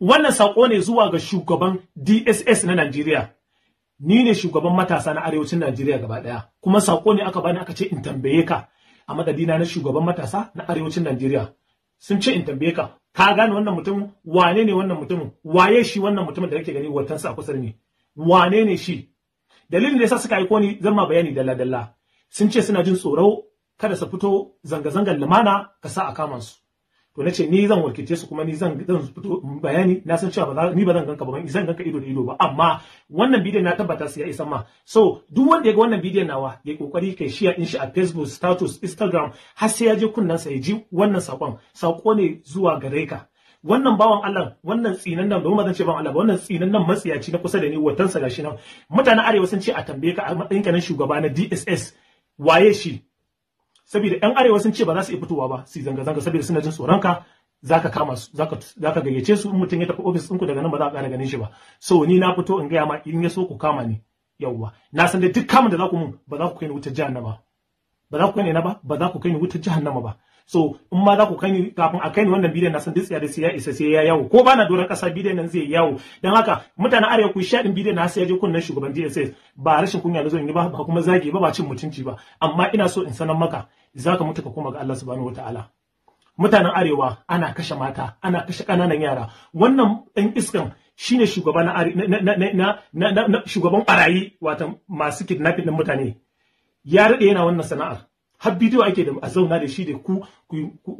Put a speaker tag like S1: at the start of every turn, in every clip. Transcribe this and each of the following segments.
S1: Wannan saƙo ne zuwa ga shugaban DSS na Najeriya. Ni ne shugaban matasa na arewacin Najeriya gaba ɗaya. Kuma saƙo ne aka bani aka ce in tambaye ka a madadina na shugaban matasa na arewacin Najeriya. Sun ce in tambaye ka. Ka gane wannan mutumin? Wane ne wannan mutumin? Waye shi wannan mutumin da kake gani watansa a kusa ne, Wane ne shi? Dalilin da yasa suka aiko ni zan ma bayani dalla-dalla. Sun ce suna jin tsoro kada su fito zanga-zangar lumana ka sa a kamansu. to nace ni zan warkice su kuma ni zan zan fito bayani na san cewa ni ba zan ganka ba zan ganka ido da ido ba amma wannan bidiyon na tabbata sai ya isa ma so duk wanda ya ga wannan bidiyon nawa ya kokari kai share din shi a Facebook status Instagram har sai ya je kunnan sa ya ji wannan sakon sako ne zuwa gare ka wannan bawan Allah wannan tsinan nan domin zan ce bawan Allah ba wannan tsinan nan matsiyaci na kusa da ni watan sa gashi nan mutanen arewa sun ce a tambaye ka a matsayin ka na shugaba na DSS waye shi saboda yan arewa sun ce ba za su iya fitowa ba su zanga zanga saboda suna jin tsoron ka zaka kama su zaka zaka gayyace su in mutum ya tafi office ɗinku daga nan ba za ka ƙara ganin shi ba so ni na fito in gaya ma in ya so ku kama ni yawwa na san dai duk kamun da za ku mun ba za ku kai ni wutar jahannama ba za ku kai ni na ba ba za ku kai ni wutar jahannama ba so in ma za ku kai ni kafin a kai ni wannan bidiyon na san ditsiya da sai ya isa sai ya yawo ko ba na doron kasa bidiyon nan zai yawo Don haka mutanen arewa ku sha din bidiyon na sai ya je kunnan shugaban DSS ba rashin kunya na zo in yi ba ba kuma zagi ba ba cin mutunci ba amma ina so in sanar maka Za zaka mutu ka koma ga Allah subhanahu wataala mutanen arewa ana kashe mata ana kashe kananan yara wannan ɗan iskan shine shugaba na na na na shugaban barayi wato masu kidnapping din mutane ya rade yana wannan sana'ar har bidiyo ake da zauna da shi da ku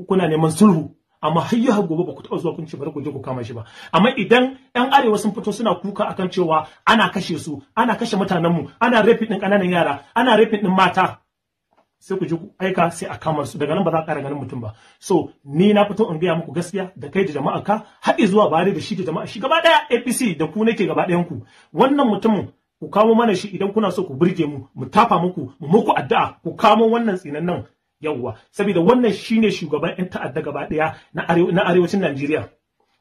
S1: kuna neman sulhu amma har yau gobe ba ku taɓa zuwa kun ci bari ku je ku kama shi ba amma idan yan arewa sun fito suna kuka akan cewa ana kashe su ana kashe mutanen mu ana rafin din kananan yara ana rafin din mata sai ku je ku aika sai a kamar su daga nan ba za a ƙara ganin mutum ba so ni na fito in gaya muku gaskiya da kai da jama'a ka haɗi zuwa bare da shi da jama'a shi gaba ɗaya APC da ku nake gaba ɗayan ku wannan mutumin ku kamo mana shi idan kuna so ku burge mu mu tafa muku mu muku addu'a ku kamo wannan tsinan nan yawwa saboda wannan shine shugaban yan ta'adda gaba ɗaya na arewacin Najeriya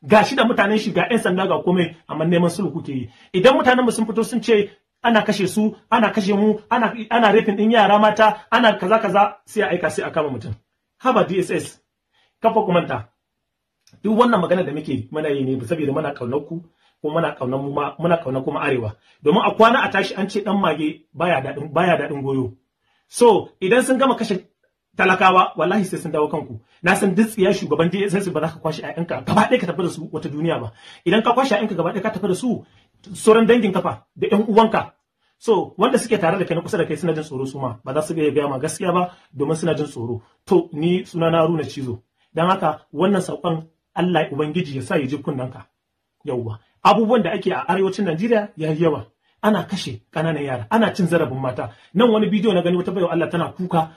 S1: Ga shi da mutanen shi ga yan sanda ga komai amma neman sulhu kuke yi idan mutanen mu sun fito sun ce ana kashe su ana kashe mu ana ana rafin din yara mata ana kaza kaza sai aika sai a kama mutum haba dss kafa kumanta duk wannan magana da muke muna yi ne saboda muna kaunar ku kuma muna kaunar mu muna kaunar kuma arewa domin a kwana a tashi an ce dan mage baya dadin baya dadin goyo so idan sun gama kashe talakawa wallahi sai sun dawo kanku na san duk tsiya shugaban DSS ba za ka kwashe ayyanka gaba ɗaya ka tafi da su wata duniya ba idan ka kwashe ayyanka gaba ɗaya ka tafi da su sauran dangin kafa da ƴan uwanka so wanda suke tare da kai na kusa da kai suna jin tsoro su ma ba za su ga gaya ma gaskiya ba domin suna jin tsoro to ni suna na runa Cizo dan haka wannan saƙon Allah ubangiji ya sa ya ji kunnanka yauwa abubuwan da ake a arewacin Najeriya ya yi yawa ana kashe ƙananan yara ana cin zarafin mata nan wani bidiyo na gani wata bayo Allah tana kuka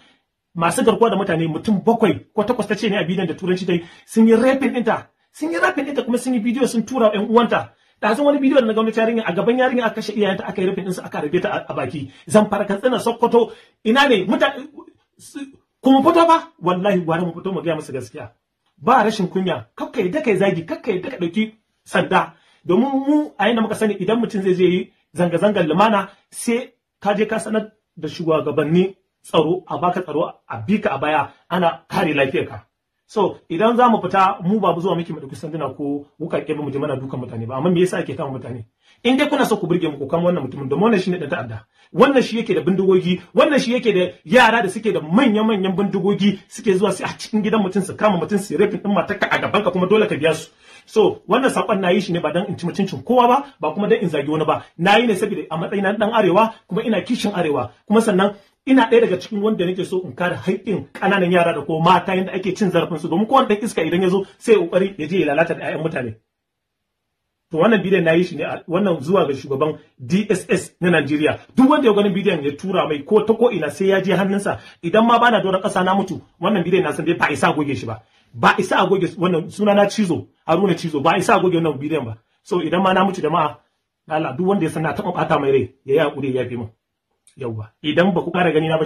S1: masu garkuwa da mutane mutum bakwai ko takwas ta ce ne a bidiyon da turanci dai sun yi rafin ɗinta sun yi rapin ɗinta kuma sun yi bidiyo sun tura ƴan uwanta sun wani bidiyon na gwamnati yarinya a gaban yarinya aka kashe iyayenta aka yi rufin su aka rabe ta a baki zan zamfara katsina sokoto ina ne mutane kuma fito ba wallahi gwara mu fito mu gaya musu gaskiya ba rashin kunya kakka yadda kai zagi kakka yadda ka ɗauki sanda domin mu a yanda muka sani idan mutum zai je yi zanga-zangar lumana sai ka je ka sanar da shugabanni tsaro a baka tsaro a bika a baya ana kare lafiyarka. so idan za mu fita mu ba zuwa muke mu dauki sanduna ko wukake ba mu ji mana dukan mutane ba amma me yasa ake kama mutane in dai kuna so ku burge mu ku kama wannan mutumin domin wannan shine dan ta'adda wannan shi yake da bindigogi wannan shi yake da yara da suke da manyan manyan bindigogi suke zuwa su a cikin gidan mutum su kama mutum su rafin din matarka a gaban ka kuma dole ka biya su so wannan sakon na yi shi ne ba dan in ci mutuncin kowa ba ba kuma dan in zagi wani ba na yi ne saboda a matsayina dan arewa kuma ina kishin arewa kuma sannan ina ɗaya daga cikin wanda nake so in kare haƙƙin ƙananan yara da ko mata yadda ake cin zarafin su domin kowanne iska idan ya zo sai ƙoƙari ya je ya lalata da 'ya'yan mutane to wannan bidiyon na yi shi ne a wannan zuwa ga shugaban DSS na Najeriya duk wanda ya gani bidiyon ya tura mai ko ta ko ina sai ya je hannunsa idan ma bana doron ƙasa na mutu wannan bidiyon na san bai ba sa goge shi ba ba isa a goge wannan suna na cizo Haruna cizo ba isa a goge wannan bidiyon ba so idan ma na mutu jama'a Allah duk wanda ya san na taɓa ɓata mai rai ya yi hakuri ya fi min yawwa idan ba ku ƙara gani na ba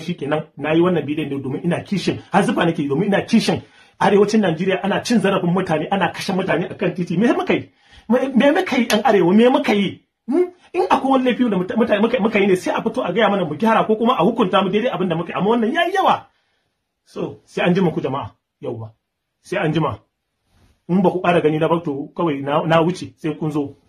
S1: na yi wannan bidiyon ne domin ina kishin har zufa nake domin ina kishin arewacin Najeriya ana cin zarafin mutane ana kashe mutane akan titi me muka yi me muka yi ɗan arewa me muka yi hmm? in akwai wani laifi da mutane muka yi ne sai a fito a gaya mana mu gyara ko kuma a hukunta mu daidai abin da muka yi amma wannan yayi yawa so sai an jima ku jama'a yauwa sai an jima in ba ku ƙara gani na ba to kawai na wuce sai kun zo